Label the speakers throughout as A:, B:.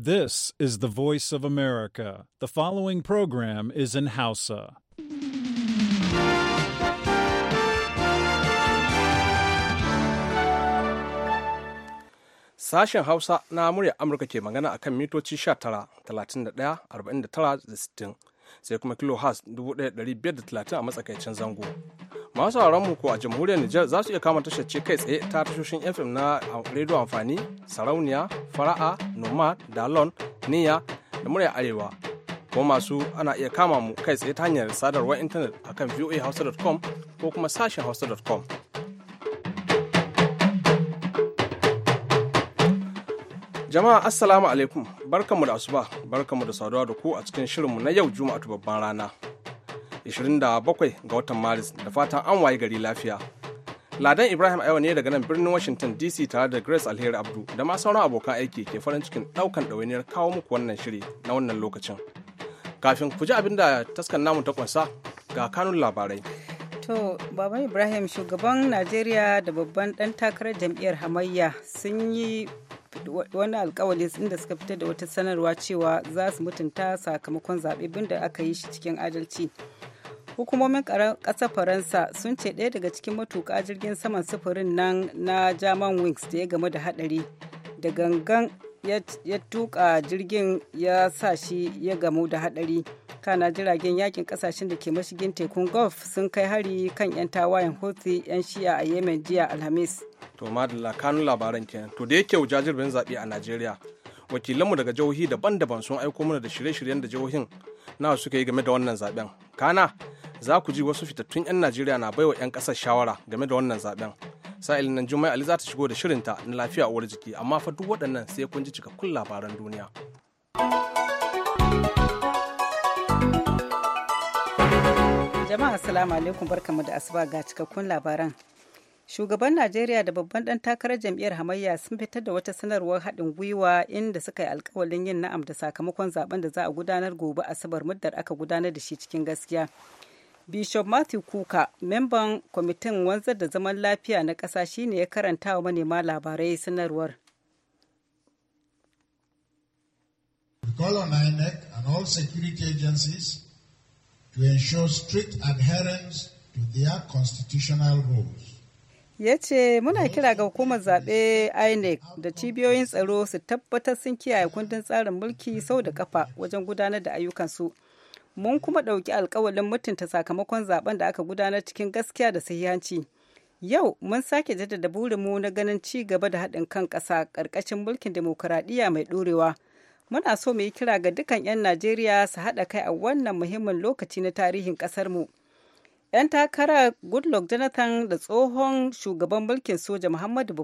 A: This is the voice of America. The following program is in Hausa.
B: Sashen Hausa na murya Amurka ke magana akan mitoci 19, 31, 49 da 60, sai kuma kilohas 1530 a matsakaicin zango. masu mu ko a jamhuriyar Nijar za su iya kama tashar ce kai tsaye ta tashoshin FM na rediyo amfani, sarauniya, fara'a, noma, dalon, niya da murya arewa. Ko masu ana iya kama mu kai tsaye ta hanyar sadarwar intanet a kan voahouse.com ko kuma sashen hausa.com. Jama'a Assalamu alaikum, barkanmu da asuba, barkanmu da saduwa da ku a cikin shirinmu na yau Juma'a babban rana. 27 ga watan maris da fatan an waye gari lafiya ladan ibrahim aiwa ne daga nan birnin washington dc tare da grace alheri abdu da ma sauran abokan aiki ke farin cikin daukan ɗawainiyar kawo muku wannan shiri na wannan lokacin kafin ku ji abin da taskan namu ta kunsa ga kanun labarai
C: to baban ibrahim shugaban najeriya da babban dan takarar jam'iyyar hamayya sun yi wani alkawali inda suka fitar da wata sanarwa cewa za su mutunta sakamakon zaɓe da aka yi shi cikin adalci hukumomin kasar faransa sun ce ɗaya daga cikin matuƙa jirgin saman sufurin nan na german wings da ya gamu da haɗari da gangan ya tuka jirgin ya sa shi ya gamu da haɗari kana jiragen yakin kasashen da ke mashigin tekun gulf sun kai hari kan 'yan tawayen houthi 'yan shi'a a yemen jiya alhamis
B: to madalla kanun labaran kenan to da yake jirgin zaɓe a najeriya wakilanmu daga jihohi daban-daban sun aiko mana da shirye-shiryen da jihohin na suka yi game da wannan zaben kana za ku ji wasu fitattun 'yan Najeriya na baiwa 'yan ƙasar shawara game da wannan zaben. Sa'ilin nan juma'i Ali za ta shigo da shirinta na lafiya uwar jiki, amma fa duk waɗannan sai kun ji cikakkun labaran duniya.
C: Jama'a assalamu alaikum barkamu da asuba ga cikakkun labaran. Shugaban Najeriya da babban ɗan takarar jam'iyyar hamayya sun fitar da wata sanarwar haɗin gwiwa inda suka yi alkawalin yin na'am da sakamakon zaben da za a gudanar gobe asabar muddar aka gudanar da shi cikin gaskiya. Bishop Matthew Kuka, memban kwamitin wanzar da zaman lafiya na ƙasa ne ya karanta wa manema labarai sanarwar. ya ce muna kira ga hukumar zaɓe inec da cibiyoyin tsaro su tabbatar sun kiyaye kundin tsarin mulki sau da kafa wajen gudanar da ayyukansu. su mun kuma ɗauki alkawalin mutunta sakamakon zaben da aka gudanar cikin gaskiya da sahihanci yau mun sake jaddada burinmu na ganin ci gaba da haɗin kan ƙasa ƙarƙashin mulkin demokuraɗiyya mai ɗorewa muna so mu yi kira ga dukkan 'yan najeriya su haɗa kai a wannan muhimmin lokaci na tarihin ƙasarmu 'yan takara goodluck jonathan da tsohon shugaban mulkin soja muhammadu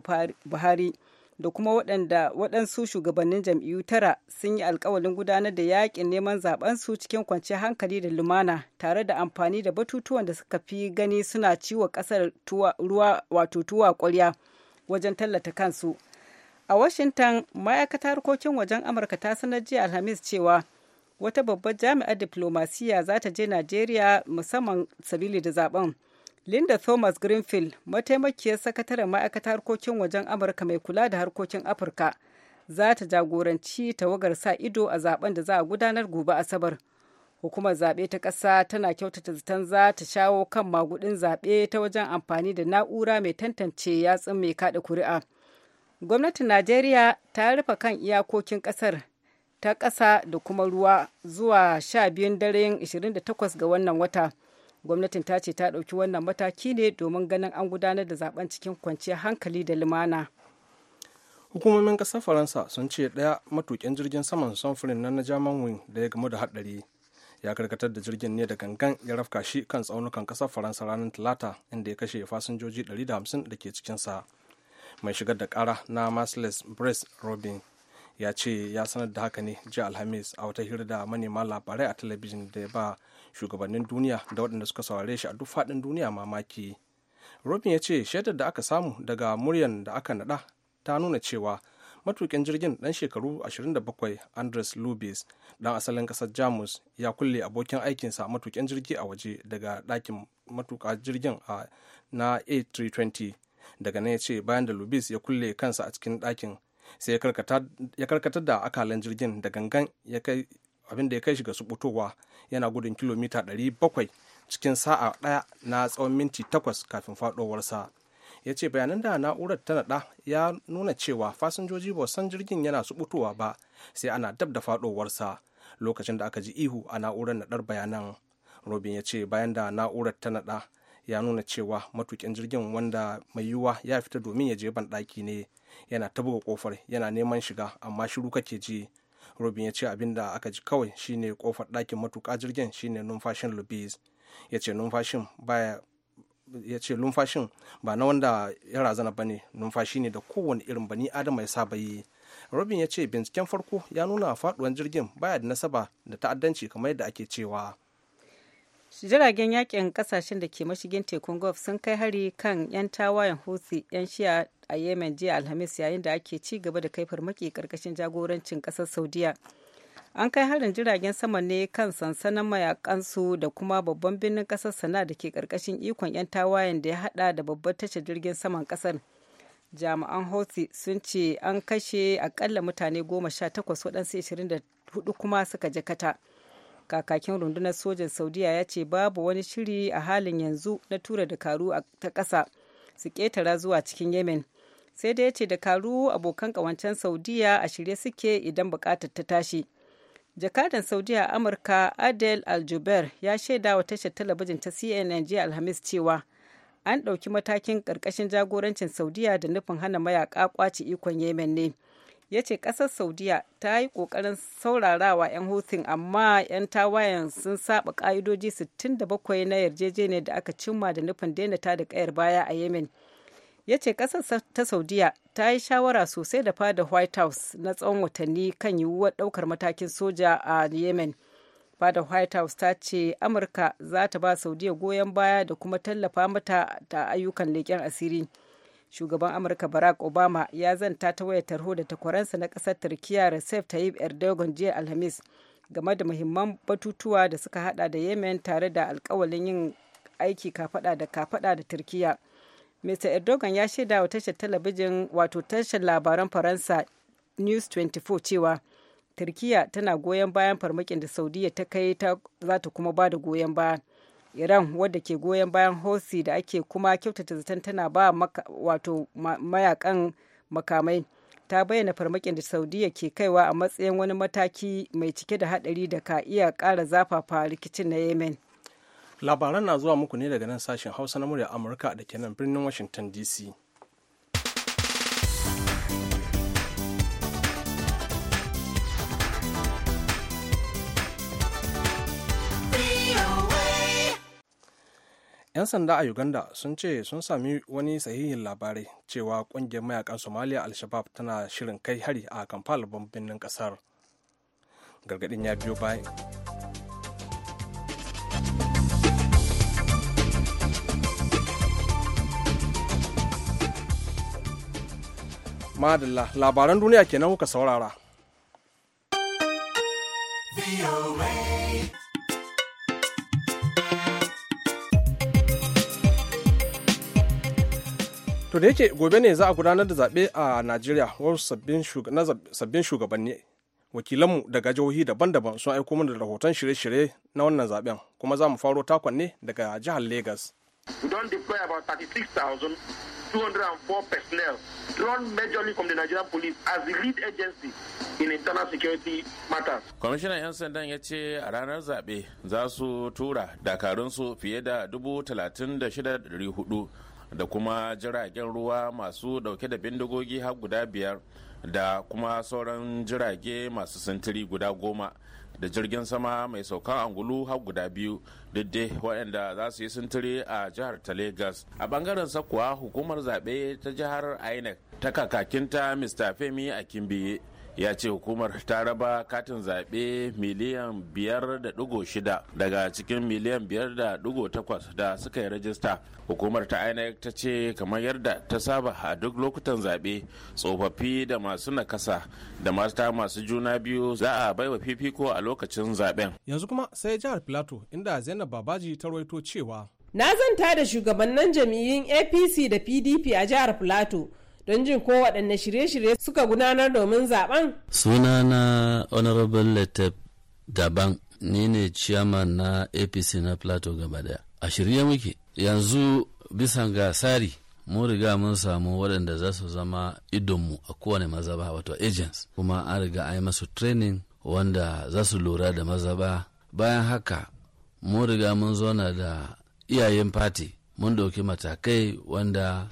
C: buhari da kuma waɗanda waɗansu shugabannin jam'iyyu tara sun yi alkawalin gudanar da yakin neman su cikin kwanciyar hankali da lumana tare da amfani da batutuwan da suka fi gani suna ciwo ƙasar ruwa wato tuwa ƙwarya wajen tallata kansu a washington ma'aikatar harkokin wajen amurka ta sanar jiya alhamis cewa wata babbar jami'ar diplomasiya za ta je najeriya musamman sabili da zaben Linda Thomas Greenfield, mataimakiyar sakataren ma'aikatar harkokin wajen Amurka mai kula da harkokin Afirka, za ta jagoranci tawagar sa ido a zaben da za a gudanar gobe Asabar. Hukumar zaɓe ta ƙasa tana kyautata zaton za ta shawo kan magudin zaɓe ta wajen amfani da na'ura mai tantance yatsun mai kaɗa kuri'a. Gwamnatin Najeriya ta rufe kan iyakokin ƙasar ta ƙasa da kuma ruwa zuwa 12 dare 28 ga wannan wata. gwamnatin ta ce ta ɗauki wannan mataki ne domin ganin an gudanar da zaben cikin kwanciyar hankali da lumana
B: hukumomin ƙasar faransa sun ce ɗaya matukin jirgin saman samfurin nan na german wing da ya gamu da haɗari ya karkatar da jirgin ne da gangan ya rafka shi kan tsaunukan ƙasar faransa ranar talata inda ya kashe fasinjoji 150 da ke cikinsa mai shigar da ƙara na marcellus brace robin ya ce ya sanar da haka ne jiya alhamis a wata hira da manema labarai a talabijin da ya ba shugabannin duniya da waɗanda suka saurare shi a duk faɗin duniya mamaki robin ya ce shaidar da aka samu daga muryan da aka naɗa ta nuna cewa matukin jirgin ɗan shekaru 27 andres lubis ɗan asalin ƙasar jamus ya kulle abokin aikinsa matukin jirgi a waje daga ɗakin matuƙa jirgin a na a320 daga nan ya ce bayan da lubis ya kulle kansa a cikin ɗakin sai ya karkatar da akalan jirgin da gangan abin da ya kai shi ga subutowa yana gudun kilomita 700 cikin sa'a ɗaya na tsawon minti 8 kafin faɗowarsa ya ce bayanan da na'urar ta naɗa ya nuna cewa fasinjoji ba san jirgin yana subutowa ba sai ana dab da faɗowarsa lokacin da aka ji ihu a na'urar naɗar bayanan robin ya ce bayan da na'urar ta naɗa ya nuna cewa matukin jirgin wanda mai yiwuwa ya fita domin ya je ban daki ne yana ta buga kofar yana neman shiga amma shiru kake ji robin ya ce abin da aka ji kawai shine kofar ɗakin matuƙa jirgin shine numfashin lubis ya ce numfashin baya ya ce numfashin ba na wanda ya razana ba ne numfashi ne da kowane irin bani adama ya saba yi robin ya ce binciken farko ya nuna faduwan jirgin baya da nasaba da ta'addanci kamar yadda ake cewa
C: jiragen yakin kasashen da ke mashigin tekun gulf sun kai hari kan 'yan tawayen houthi 'yan shiya a yemen jiya alhamis yayin da ake ci gaba da kai farmaki karkashin jagorancin kasar saudiya an kai harin jiragen sama ne kan sansanin mayakansu da kuma babban birnin kasar sana da ke karkashin ikon 'yan tawayen da ya hada da babbar tashar jirgin saman kasar jami'an houthi sun ce an kashe akalla mutane goma sha takwas waɗansu 24 kuma suka jakata. kata kakakin rundunar sojan saudiya ya ce babu wani shiri a halin yanzu na tura dakaru ta ƙasa su ƙetara zuwa cikin yemen sai dai ya ce dakaru abokan ƙawancen saudiya a shirye suke idan buƙatar ta tashi jakadan saudiya amurka adel aljuber ya shaida wa tashar talabijin ta cnn jiya alhamis cewa an ɗauki matakin ƙarƙashin jagorancin saudiya da nufin hana mayaƙa ƙwace ikon yemen ne ya ce ƙasar saudiya ta yi ƙoƙarin saurarawa 'yan hutun amma 'yan tawayen sun saba ƙa'idoji 67 na yarjejeniyar da aka cimma da nufin daina ta da kayar baya a yemen ya ce ƙasar ta saudiya ta yi shawara sosai da fada white house na tsawon watanni kan yiwuwar ɗaukar matakin soja a yemen fada white house ta ce amurka za ta ba saudiya goyon baya da kuma tallafa mata ta ayyukan leƙen asiri. shugaban amurka barack obama ya zanta ta waya tarho da takwaransa na ƙasar turkiya recep tayyip erdogan jiya alhamis game da muhimman batutuwa da suka hada da yemen tare da alkawalin yin aiki kafada da kafada da turkiya mr erdogan ya shaida wa tashar talabijin wato tashar labaran faransa news 24 cewa turkiya tana goyon bayan farmakin da saudiya ta kai ta za ta kuma ba da goyon baya iran wadda ke goyon bayan hosi da ake kuma kyautata zaton tana ba wato mayakan makamai ta bayyana farmakin da saudiya ke kaiwa a matsayin wani mataki mai cike da hadari da ka iya kara zafafa rikicin na yemen
B: labaran na zuwa muku ne daga nan sashen hausa na murya amurka da ke nan birnin washington dc 'yan sanda a uganda sun ce sun sami wani sahihin labarai cewa kungiyar mayakan Somalia al-shabab tana shirin kai hari a kamfala birnin kasar gargadin ya biyo bayan madalla labaran duniya kenan kuka saurara. to da yake gobe ne za a gudanar da zaɓe a najeriya wasu sabbin shugabanni wakilanmu daga jihohi daban-daban sun aiko mana da rahoton shirye-shirye na wannan zaɓen kuma za mu faro takon ne daga jihar lagos
A: We don deploy about 36,204 personnel drawn majorly from the Nigerian police as the lead agency in internal security matters. Kwamishinan 'yan sandan ya ce a ranar zaɓe za su tura dakarunsu fiye da 36,400 da kuma jiragen ruwa masu dauke da bindigogi har guda biyar da kuma sauran jirage masu sintiri guda goma da jirgin sama mai saukan angulu har guda biyu duk dai waɗanda za su yi sintiri a jihar ta lagos a bangaren sakuwa hukumar zaɓe ta jihar inec ta kakakinta mr femi akinbiye ya ce hukumar ta raba katin zaɓe miliyan 5.6 daga cikin miliyan 5.8 da suka yi rajista hukumar ta inec ta ce kamar yadda ta saba a duk lokutan zaɓe tsofaffi da masu nakasa da mata masu juna biyu za a baiwa fifiko a lokacin zaɓen
B: yanzu kuma sai jihar plateau inda zainab babaji ta rawaito cewa
C: na zanta da shugabannin jam'iyyun apc da pdp a jihar plateau don jin ko waɗanne shirye-shirye suka gudanar domin zaben.
A: sunana honorable letter daban ni ne chairman na apc na plateau gaba daya a shirye muke yanzu bisa ga tsari mun riga mun samu waɗanda za su zama idonmu a kowane mazaba wato agents kuma an riga a yi masu training wanda za su lura da mazaba bayan haka mu riga mun zauna da iyayen party mun ɗauki matakai wanda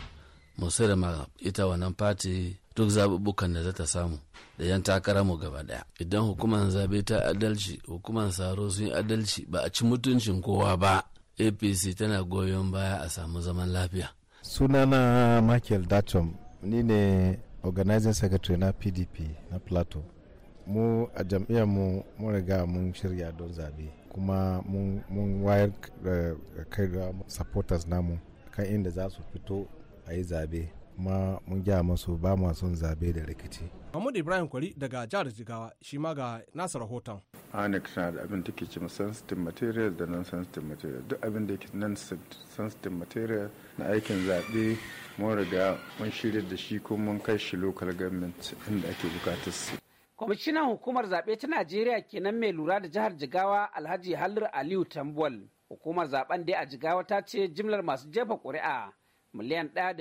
A: da ma ita wannan fati duk zaɓuɓɓukan da za ta samu da yan takara mu gaba ɗaya idan hukumar zabe ta adalci hukumar saro sun yi adalci ba a ci mutuncin kowa ba apc tana goyon baya a samu zaman lafiya sunana michael datom ni ne organizing secretary na pdp na plateau mu a jam'iyyar mu mun riga mun shirya don zabe kuma mun wayar eh, kai ga supporters namu kan inda za su fito a yi zabe kuma mun gya masu ba masu son zabe da rikici.
B: Mahmud Ibrahim Kwari daga jihar Jigawa shi ma ga nasa rahoton.
A: Anik na da abin da ke cin sensitive material da non sensitive material duk abin da ke non sensitive material na aikin zaɓe mun riga mun shirya da shi kuma mun kai shi local government inda ake bukatar su.
C: Kwamishinan hukumar zaɓe ta Najeriya kenan mai lura da jihar Jigawa Alhaji halir Aliyu Tambuwal. Hukumar zaben dai a Jigawa ta ce jimlar masu jefa ƙuri'a miliyan ɗaya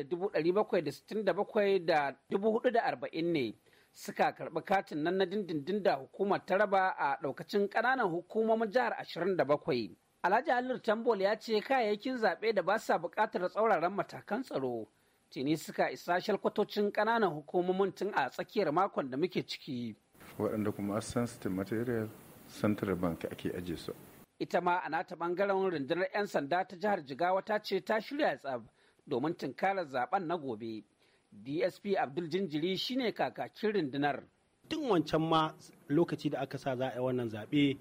C: da ne suka karbi katin nan na dindindin da hukumar ta raba a ɗaukacin ƙananan hukumomin jihar 27. Alhaji Halil Tambol ya ce kayayyakin zaɓe da ba sa buƙatar tsauraran matakan tsaro. tini suka isa shalkwatocin ƙananan hukumomin tun a tsakiyar makon da muke ciki.
A: Waɗanda kuma sensitive material central bank ake ajiye su.
C: Ita ma a nata ɓangaren rundunar 'yan sanda ta jihar Jigawa ta ce ta shirya tsab. domin tunkarar zaben na gobe dsp abdul jinjiri shine
A: kakakin rundunar tun wancan ma lokaci da aka sa za a yi wannan zaɓe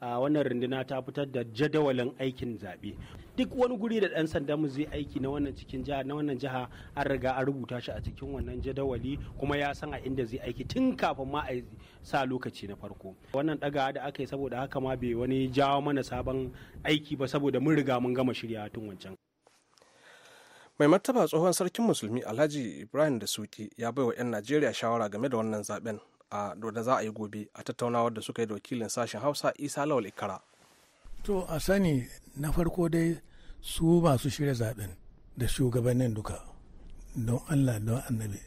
A: a wannan runduna ta fitar da jadawalin aikin zaɓe duk wani guri da ɗan sanda mu zai aiki na wannan cikin jiha na wannan jiha an riga an rubuta shi a cikin wannan jadawali kuma ya san a inda zai aiki tun kafin ma a sa lokaci na farko wannan ɗaga da aka yi saboda haka ma bai wani jawo mana sabon aiki ba saboda mun riga mun gama shirya tun wancan
B: mai martaba tsohon sarkin musulmi alhaji ibrahim da suki ya baiwa 'yan najeriya shawara game da wannan zaben a da za a yi gobe a tattaunawar da suka yi da wakilin sashen hausa isa lawal ikara
A: to a sani na farko dai su masu shirya zaben da shugabannin duka don allah don annabi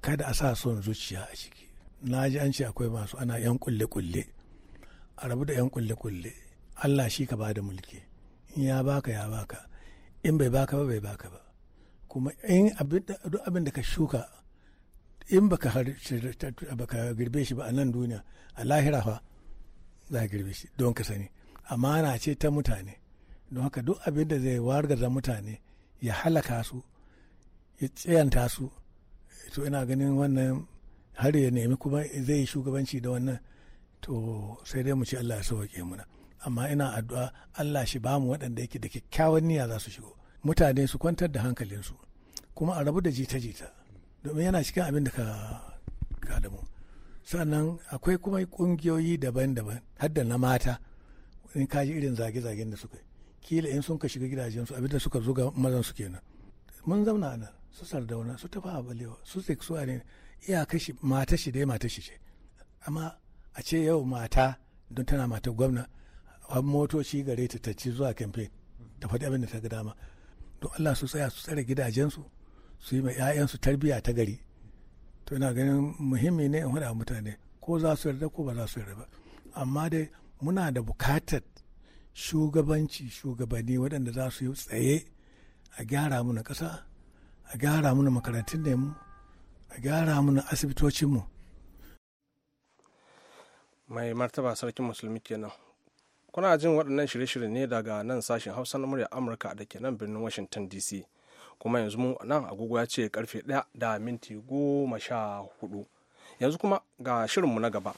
A: kada a sa son zuciya a ciki na ji an ce akwai masu ana yan kulle-kulle a rabu da yan kulle-kulle allah shi ka ba da mulki in ya baka ya baka in bai baka ba bai baka ba kuma in duk abin da ka shuka in baka baka girbe shi ba a nan duniya a lahira fa za a girbe shi don ka sani amana ce ta mutane don haka duk abin da zai wargaza mutane ya halaka su ya tsayanta su to ina ganin wannan har ya nemi kuma zai yi shugabanci da wannan to sai dai mu ce Allah ya sauke muna amma ina addu'a Allah shi ba mu waɗanda yake da kyakkyawan niyya za su shigo mutane su kwantar da hankalinsu kuma a rabu da jita-jita domin yana cikin abin da ka kalamu sannan akwai kuma ƙungiyoyi daban-daban har da na mata in kaji irin zage-zagen da suka kila in sun ka shiga gidajensu abin da suka zuga mazan su kenan mun zauna a nan su sardauna su tafa a balewa su seksuwa ne iya kashi mata shi dai mata shi ce amma a ce yau mata don tana mata gwamna motoci gare ta ci zuwa campaign ta faɗi abin da ta ga dama don Allah su tsaya su tsare gidajensu su yi ma 'ya'yansu tarbiyya ta gari to ina ganin muhimmi ne in faɗa mutane ko za su yarda ko ba za su yarda ba amma dai muna da bukatar shugabanci shugabanni waɗanda za su yi tsaye a gyara mana ƙasa a gyara muna makarantun mu a gyara muna asibitocinmu
B: mai martaba sarkin musulmi kenan kuna jin waɗannan shirye-shirye ne daga nan sashen hausa na murya amurka da ke nan birnin washington dc kuma yanzu mu nan agogo ya ce karfe 1 da minti goma sha hudu yanzu kuma ga shirinmu na gaba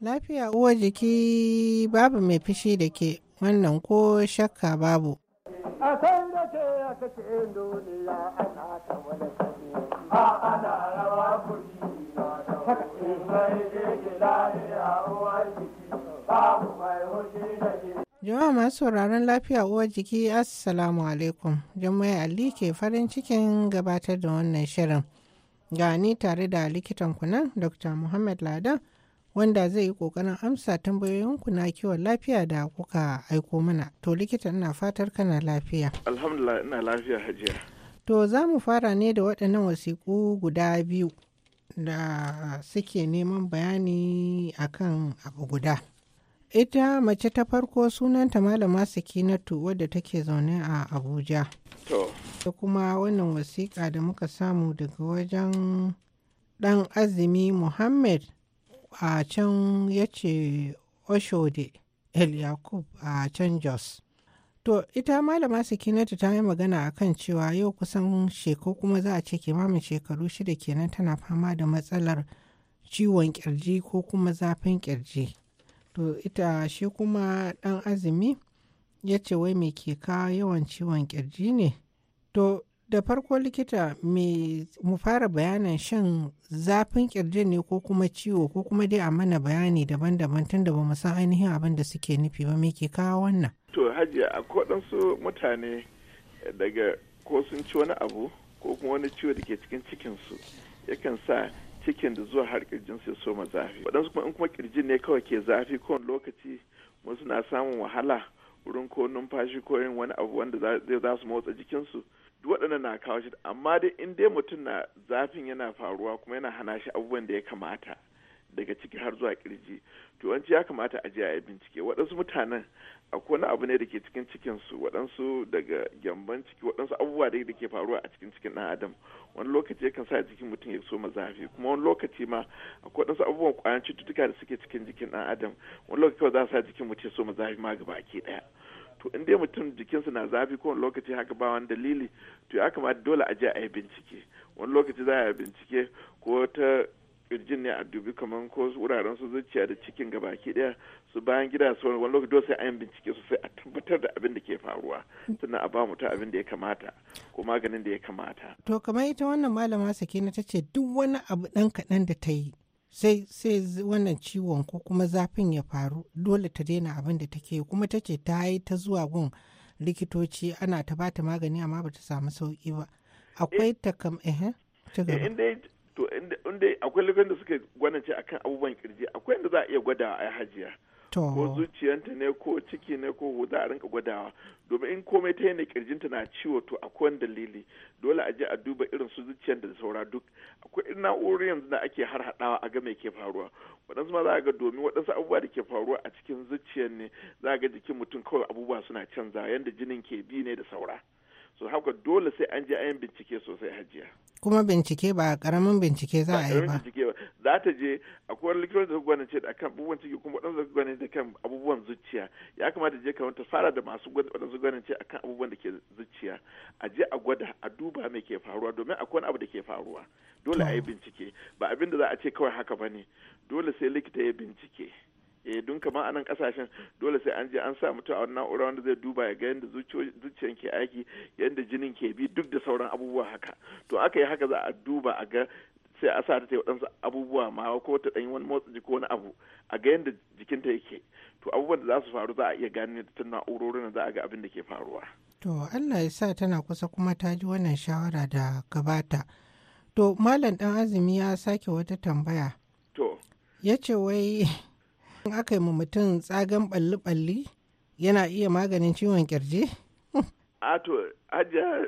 D: lafiya uwar jiki babu mai fishi da ke wannan ko shakka babu
A: a da ke kake duniya ana ta wani a ana
D: Jama'a masu sauraron lafiya uwar jiki Assalamu alaikum. Jummai Ali ke farin cikin gabatar da wannan shirin. gani tare da likitan kunan Dr. Muhammad Ladan wanda zai yi kokarin amsa tambayoyin na kiwon lafiya da kuka aiko mana. To likita ina fatar kana lafiya.
E: Alhamdulillah ina lafiya hajiya.
D: To za mu fara ne da waɗannan wasiƙu guda biyu. da suke neman bayani akan abu guda. Ita mace ta farko sunanta malama Sakinatu wadda take zaune a Abuja. Ta kuma wannan wasiƙa da muka samu daga wajen ɗan azumi Muhammad a can ya ce Oshode El Yakub a can Jos. To ita malama Sakinatu ta yi magana a kan cewa yau kusan shekaru kuma za a ce kimamin shekaru shida kenan tana fama da matsalar ciwon kirji ko kuma zafin kirji. To ita shi kuma ɗan azumi ya ce wai mai ke kawo yawan ciwon kirji ne? To da farko likita mu fara bayanin shan zafin kirji ne ko kuma ciwo ko kuma dai a mana bayani daban-daban tun da ba mu san ainihin abin da suke nufi ba mai ke kawo wannan?
E: to hajiya a kodansu mutane daga ko sun ci wani abu ko kuma wani ciwo da ke cikin cikinsu yakan sa cikin da zuwa har kirjin sai soma zafi waɗansu kuma in kuma kirjin ne kawai ke zafi kowane lokaci wasu na samun wahala wurin ko numfashi ko yin wani abu wanda zai za su motsa jikinsu duk waɗannan na kawo shi amma dai in dai mutum na zafin yana faruwa kuma yana hana shi abubuwan da ya kamata daga ciki har zuwa kirji to wanci ya kamata a je a yi bincike waɗansu mutanen akwai wani abu ne da ke cikin cikinsu waɗansu daga gyamban ciki waɗansu abubuwa da ke faruwa a cikin cikin ɗan adam wani lokaci yakan sa jikin mutum ya so mazafi kuma wani lokaci ma akwai waɗansu abubuwan ƙwayan cututtuka da suke cikin jikin ɗan adam wani lokaci kawai za sa jikin mutum ya so mazafi ma gaba ke ɗaya to in dai mutum jikinsa na zafi ko wani lokaci haka ba wani dalili to ya kamata dole a je a yi bincike wani lokaci za a yi bincike ko ta kirjin ne a dubi kamar ko wuraren su zuciya da cikin gabaki daya su bayan gida su wani lokaci dole sai an bincike su sai a tabbatar da abin da ke faruwa sannan a ba mu ta abin da ya kamata ko maganin da ya kamata
D: to kamar ita wannan malama sakina ta ce duk wani abu dan kaɗan da ta yi sai sai wannan ciwon ko kuma zafin ya faru dole ta daina abin da take kuma ta ce ta yi ta zuwa gun likitoci ana ta bata magani amma bata samu sauki ba akwai eh, takam eh
E: to inda akwai lokacin da suke gwanance akan abubuwan kirji akwai inda za a iya gwadawa a hajiya ko zuciyanta ne ko ciki ne ko za a rinka gwadawa domin in komai ta yana kirjinta na ciwo to akwai wani dalili dole a je a duba irin su zuciyar da saura duk akwai irin na'urori yanzu da ake har hadawa a ga ke faruwa waɗansu ma za a ga domin waɗansu abubuwa da ke faruwa a cikin zuciyar ne za a ga jikin mutum kawai abubuwa suna canza yadda jinin ke bi ne da saura so haka dole sai an je an bincike sosai hajiya
D: kuma bincike ba karamin bincike za a yi ba
E: za ta je akwai likitoci da gwanin ce da kan abubuwan ciki kuma wadanda su gwanin da kan abubuwan zuciya ya kamata je kamar ta fara da masu su gwanin ce kan abubuwan da ke zuciya a je a gwada a duba mai ke faruwa domin akwai abu da ke faruwa dole a yi bincike ba abin da za a ce kawai haka ba ne dole sai likita ya bincike eh dun kamar anan kasashen dole sai an je an sa mutum a wannan na'ura wanda zai duba ya ga yadda zuciyan ke aiki yadda jinin ke bi duk da sauran abubuwa haka to aka yi haka za a duba a ga sai a sa ta yi waɗansu abubuwa ma ko ta ɗanyi wani motsa jiki wani abu a ga yadda jikinta yake to abubuwan da za su faru za a iya gane ta na'urorin za a ga abin da ke faruwa.
D: To Allah ya sa tana kusa kuma ta ji wannan shawara da gabata. To Malam dan azumi ya sake wata tambaya. To. Ya ce wai in aka yi mutum tsagen balli-balli yana iya maganin ciwon kirji?
E: a to hajiya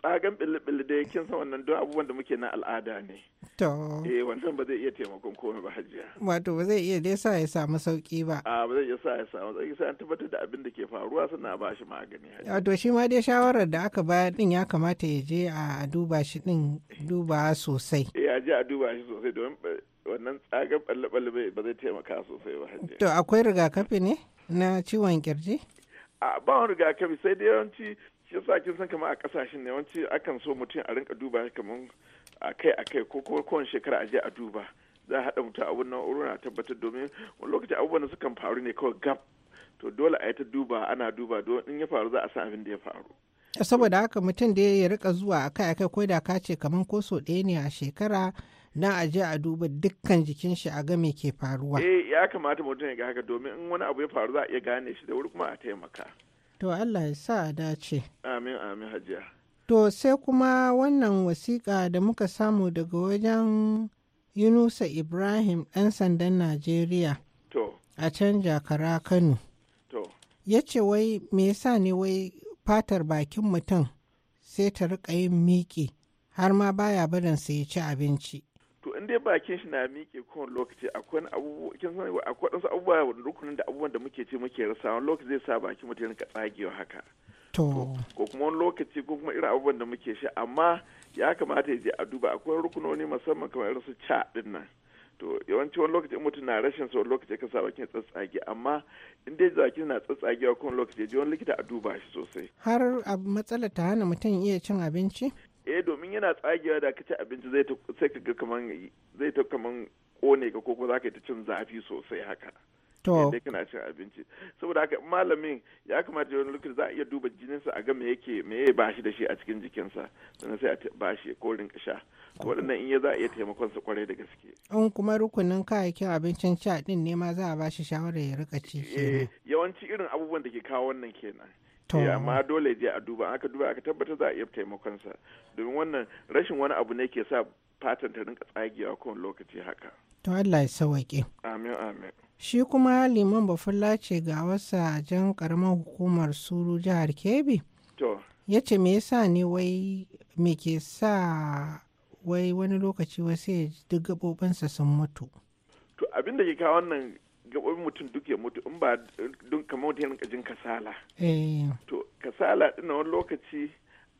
E: tsagen balli-balli da yakin san wannan don abubuwan da muke na al'ada ne
D: to eh
E: wannan ba zai iya taimakon komai ba hajiya
D: wato ba zai iya dai sa ya samu sauki ba
E: a ba zai iya sa ya samu sauki sai an tabbatar da abin da ke faruwa suna ba shi magani hajiya wato shi ma
D: dai shawarar da aka bayar din ya kamata ya je a duba shi din duba sosai
E: eh a a duba shi sosai domin wannan tsagar balle-balle ba zai taimaka sosai ba hajji. To
D: akwai rigakafi ne na ciwon kirji?
E: A ba wani rigakafi sai dai yawanci shi yasa kin san kamar a kasashen ne yawanci akan so mutum a rinka duba kamar akai kai ko ko kowane shekara a je a duba. Za a haɗa mutum a wannan wurin a tabbatar domin wani lokaci abubuwan da sukan faru ne kawai gab. To dole a yi ta duba ana duba don in ya faru za a san abin da ya faru.
D: saboda haka mutum da ya rika zuwa akai akai ko da ka ce kamar ko so ɗaya ne a shekara na a a duba dukkan jikin shi a ga ke faruwa.
E: Eh ya kamata mutum ya ga haka domin in wani abu ya faru za a iya gane shi da wuri kuma a taimaka.
D: To Allah ya sa a dace.
E: Amin amin hajiya.
D: To sai kuma wannan wasiƙa da muka samu daga wajen Yunusa Ibrahim ɗan sandan Najeriya. To. A can jakara Kano. To. Ya ce wai me yasa ne wai fatar bakin mutum sai ta riƙa yin miƙi har ma baya barin sai ya ci abinci.
E: to in dai bakin shi na miƙe kowane lokaci akwai abubuwa kin san akwai abubuwa rukunin da abubuwan da muke ce muke rasa wani lokaci zai sa bakin mutum rinka tsagewa haka to ko kuma wani lokaci ko kuma irin abubuwan da muke shi amma ya kamata ya je a duba akwai rukunoni musamman kamar irin su ca din nan to yawanci wani lokaci mutum na rashin sa wani lokaci ka sa bakin tsatsage amma in dai zakin na tsatsagewa kowane lokaci ya je wani likita a duba shi sosai
D: har matsalar ta hana mutum iya cin abinci
E: eh domin yana tsagewa da kace abinci zai sai ka kaman zai ta kaman kone ka koko zaka ta cin zafi sosai haka to dai kana cin abinci saboda haka malamin ya kamata wani lokaci za a iya duba sa a ga me yake me ya bashi da shi a cikin jikinsa sannan sai a bashi ko rinka sha waɗannan in ya za a iya taimakon sa kwarai da gaske
D: in kuma rukunin kayayyakin abincin sha din ne ma za a bashi shawara ya rika ci eh,
E: yawanci irin abubuwan da ke kawo wannan kenan ya amma dole je a duba aka duba aka tabbatar za a iya taimakon domin wannan rashin wani abu ne ke sa fatan ta rinka tsagewa kowane lokaci haka
D: to Allah ya sauke
E: amin amin
D: shi kuma liman bafulla ce ga wasa jan karamar hukumar suru jihar kebbi to ya ce me yasa ne wai me ke sa wai wani lokaci wasu ya duk gabobinsa sun mutu
E: to abin da ke kawo wannan gaɓoɓin mutum duk ya mutu in ba don kamar wata yana jin kasala eh. to kasala ɗin wani lokaci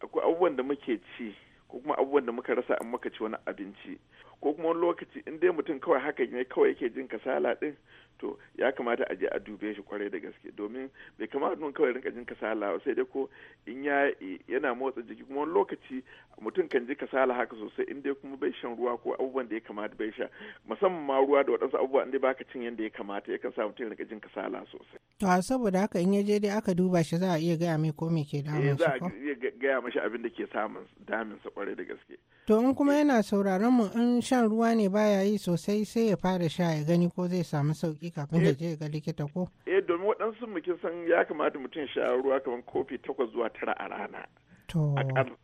E: akwai abubuwan da muke ci ko kuma abubuwan da muka rasa an muka ci wani abinci ko kuma wani lokaci in dai mutum kawai haka ne kawai yake jin kasala ɗin to ya kamata a je a dube shi kwarai da gaske domin bai kamata nun kawai rinka jin kasala sai dai ko in ya yana motsa jiki kuma wani lokaci mutum kan ji kasala haka sosai in dai kuma bai shan ruwa ko abubuwan da ya kamata bai sha musamman ma ruwa da waɗansu abubuwa inda baka cin yadda ya kamata yakan sa mutum rika jin kasala sosai.
D: to saboda haka in ya je dai aka duba shi za a iya gaya mai ko me ke damun sa ko.
E: Eh, za a iya gaya mashi abin da ke samun damin sa kwarai da gaske.
D: to in kuma eh. yana sauraron mu in shan ruwa ne baya yi sosai sai ya fara sha ya gani ko zai samu sauki kafin ya eh. je ga likita ko.
E: eh domin waɗansu mu san ya kamata mutum sha ruwa kamar kofi takwas zuwa tara a rana. to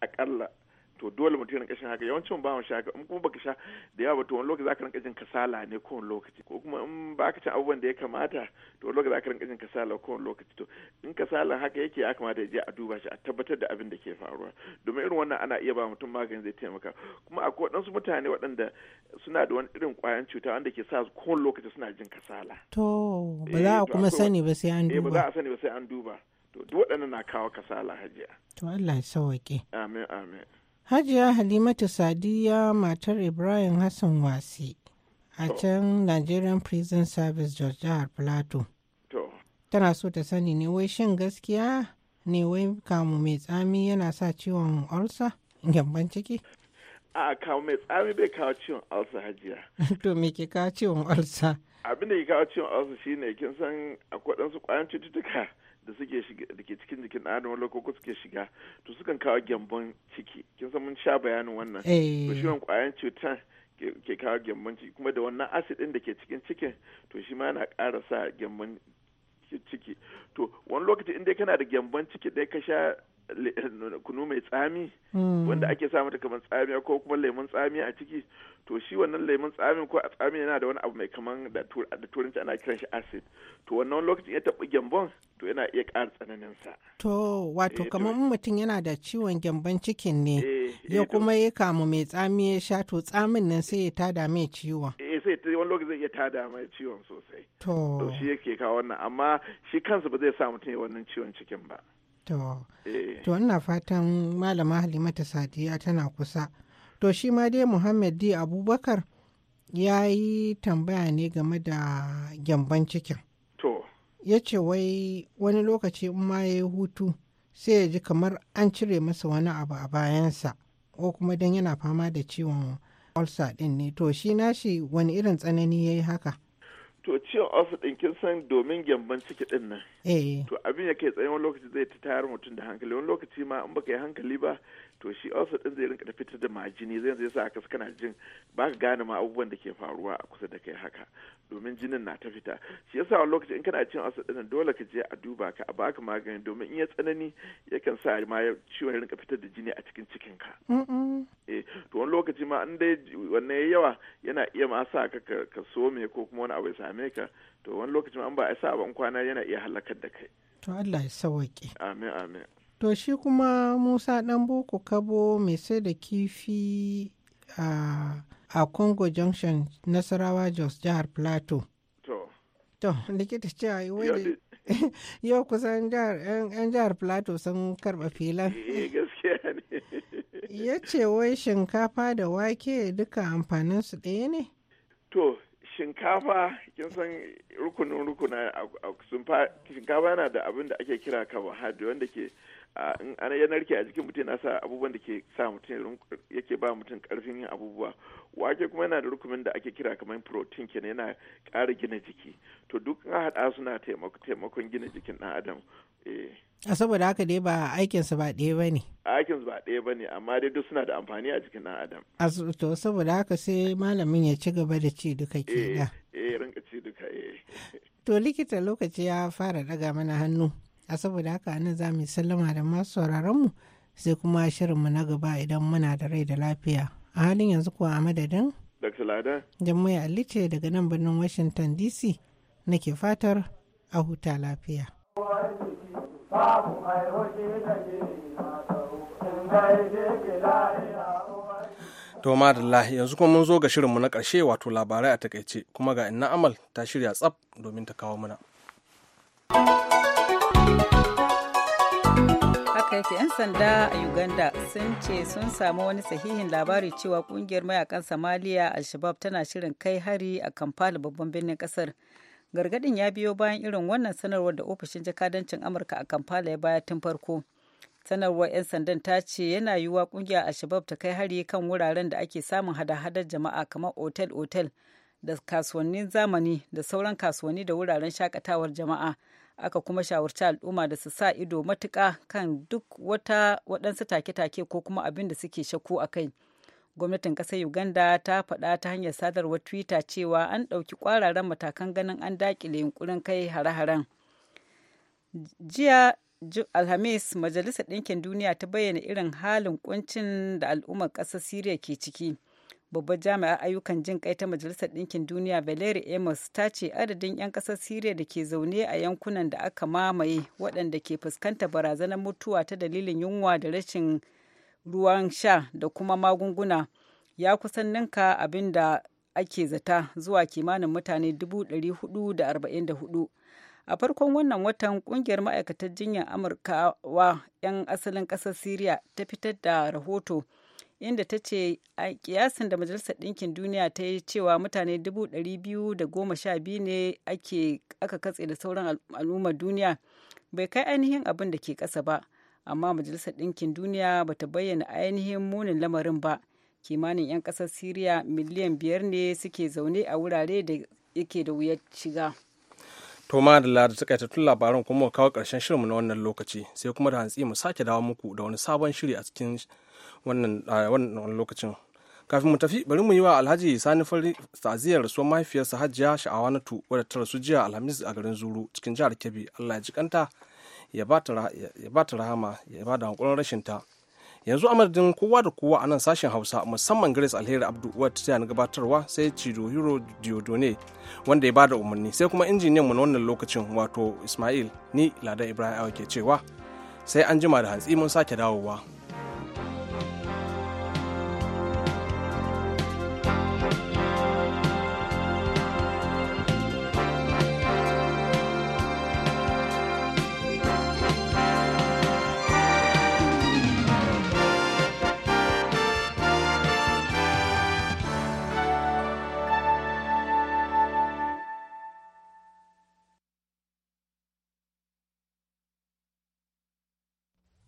E: akalla to dole mutum rinka shan haka yawancin ba mu sha haka in kuma baka sha da yawa to wani lokaci zaka rinka jin kasala ne ko wani lokaci ko kuma in ba ka ci abubuwan da ya kamata to wani lokaci zaka rinka jin kasala ko wani lokaci to in kasala haka yake ya kamata ya je a duba shi a tabbatar da abin da ke faruwa domin irin wannan ana iya ba mutum magani zai taimaka kuma akwai waɗansu mutane waɗanda suna da wani irin ƙwayan cuta wanda ke sa ko wani lokaci suna jin kasala.
D: To ba za a eh, kuma sani ba sai an duba. Eh, ba za a
E: sani ba sai an duba. To duk waɗannan na kawo kasala hajiya.
D: To Allah ya sauwaƙe.
E: Amin amin.
D: Hajiya Halimatu Sadiya matar Ibrahim Hassan Wasi a can Nigerian Prison Service George Jihar Plateau. Tana so ta sani ne wai shin gaskiya ne wai kamu mai tsami yana sa ciwon ulcer gyamban ciki?
E: A kamu mai tsami bai kawo ciwon ulcer hajiya.
D: To me ke kawo ciwon ulcer?
E: abin da ya kawo ciwon shi shine kin san akwai ɗansu ƙwayan cututtuka da suke da ke cikin jikin ɗan adam ko suke shiga to sukan kawo gyambon ciki kin san mun sha bayanin wannan eh. to shi ƙwayan cutar ke kawo gyambon ciki kuma da wannan acid ɗin da ke cikin cikin to shi ma yana ƙara sa gyambon ciki to wani lokaci in dai kana da gyambon ciki dai ka sha kunu mai tsami
A: hmm. wanda ake
E: sa mata kamar tsamiya ko kuma lemun tsami a ciki to shi wannan lemun tsamin ko a tsami yana da wani abu mai kaman da turanci ana kiran shi acid to wannan lokacin ya taɓa gyambon to yana iya ƙara tsananin sa
D: to wato eh, kamar mutum yana da ciwon gyambon cikin ne eh, eh, ya kuma ya kamu mai tsami ya sha to tsamin nan sai ya tada mai ciwon
E: eh sai wani lokaci zai iya tada mai ciwon sosai to shi yake kawo wannan amma shi kansa ba zai sa mutum ya wannan ciwon cikin ba To, eh. to
D: ina fatan malama Halimata Sadiya tana kusa. To shi ma dai Muhammad di Abubakar ya yi tambaya ne game da gyamban cikin. To. Ya ce wai wani lokaci in ma ya yi hutu sai ya ji kamar an cire masa wani abu a bayansa ko kuma don yana fama da ciwon ulcer ɗin ne. To shi nashi wani irin tsanani ya yi haka?
E: to ciwon ofis din kin san domin gyamban ciki din nan eh. to abin ya kai tsaye wani lokaci zai ta tayar mutum da hankali wani lokaci ma in baka yi hankali ba to shi also din zai rinka fitar da majini zai zai sa ka kana jin ba ka gane ma abubuwan da ke faruwa a kusa da kai haka domin jinin na ta fita shi yasa a lokacin in kana cin ulcer din dole ka je a duba ka a baka magani domin in ya tsanani yakan sa ma ciwon rinka fitar da jini a cikin cikin ka eh to wani lokaci ma an dai wannan yayi yawa yana iya ma sa ka ka some ko kuma wani abu ya same ka to wani lokaci ma an ba a sa ban kwana yana iya halakar da kai
D: to Allah ya sauke
E: amin amin
D: To shi kuma Musa ɗan boko kabo mai sai da kifi a a Congo Junction Nasarawa Jos jihar Plateau. To. To likita cewa wani yau kusan yan jihar Plateau sun karɓa filan.
E: Eh, gaskiya ne.
D: Ya ce wai shinkafa da wake duka amfaninsu ɗaya ne?
E: To shinkafa kin san rukunin rukuna shinkafa yana da abin da ake kira carbohydrate wanda ke in ana ya narke a jikin mutum yana sa abubuwan da ke sa mutum yake ba mutum karfin yin abubuwa wake kuma yana da rukumin da ake kira kamar protein kenan yana ƙara gina jiki to duk an haɗa suna taimakon gina jikin ɗan adam eh.
D: a saboda haka dai ba aikinsu ba ɗaya ba ne
E: aikinsu ba ɗaya ba ne amma dai duk suna da amfani a jikin ɗan adam
D: a to saboda haka sai malamin ya ci gaba da ci duka ke da
E: eh, eh rinka ci duka eh
D: to likita lokaci ya fara daga mana hannu a saboda haka nan za mu sallama da masu sauraronmu sai kuma shirin mu na gaba idan muna da rai da lafiya a halin yanzu kuwa a madadin
E: Dr. Lada.
D: Alice daga nan birnin Washington DC nake fatar
B: a huta lafiya. To madalla yanzu kuma mun zo ga shirinmu na ƙarshe wato labarai a takaice kuma ga inna amal ta shirya tsab domin ta kawo mana.
C: haka 'yan sanda a uganda sun ce sun samu wani sahihin labari cewa kungiyar mayakan Somalia al-shabab tana shirin kai hari a kampala babban birnin kasar gargadin ya biyo bayan irin wannan sanarwar da ofishin jakadancin amurka a kampala ya baya tun farko sanarwar 'yan sandan ta ce yana yiwuwa kungiyar al-shabab ta kai hari kan wuraren da ake samun hada-hadar jama'a kamar otel-otel da kasuwannin zamani da sauran kasuwanni da wuraren shakatawar jama'a aka kuma shawarci al'umma da su sa ido matuƙa kan duk wata waɗansu take-take ko kuma abin da suke shakku a kai gwamnatin ƙasar uganda ta faɗa ta hanyar sadarwar twitter cewa an ɗauki ƙwararren matakan ganin an daƙile yunƙurin kai hare-haren jiya alhamis majalisar ɗinkin duniya ta bayyana irin halin kuncin da al'ummar ƙasar syria ke ciki babbar jami'ar ayyukan jin kai ta majalisar ɗinkin duniya valeri amos ta ce adadin 'yan ƙasar syria da ke zaune a yankunan da aka mamaye waɗanda ke fuskantar barazanar mutuwa ta dalilin yunwa da rashin ruwan sha da kuma magunguna ya kusan ninka abin da ake zata zuwa kimanin mutane 444 a farkon wannan watan kungiyar ma'aikatar jinyar amurkawa 'yan asalin ƙasar syria ta fitar da rahoto inda ta ce a kiyasin da majalisar ɗinkin duniya ta yi cewa mutane 212 ne ake aka katse da sauran al'ummar duniya bai kai ainihin abin da ke ƙasa ba amma majalisar ɗinkin duniya ba ta bayyana ainihin munin lamarin ba kimanin 'yan ƙasar siriya miliyan biyar ne suke zaune a wurare da yake da wuyar shiga
B: to da lada tun labaran kuma kawo ƙarshen shirinmu na wannan lokaci sai kuma da hantsi mu sake dawo muku da wani sabon shiri a cikin wannan lokacin kafin mu tafi bari mu yi wa alhaji sani fari ta'aziyar rasuwar mahaifiyarsa hajiya tu wadda ta rasu jiya alhamis a garin zuru cikin jihar kebbi allah ya ji kanta ya ba ta rahama ya ba da hankulan rashin ta yanzu a madadin kowa da kowa a nan sashen hausa musamman grace alheri abdu wadda ta na gabatarwa sai cido hero diodone wanda ya ba da umarni sai kuma injiniyan mu na wannan lokacin wato ismail ni ladan ibrahim ke cewa sai an jima da hantsi mun sake dawowa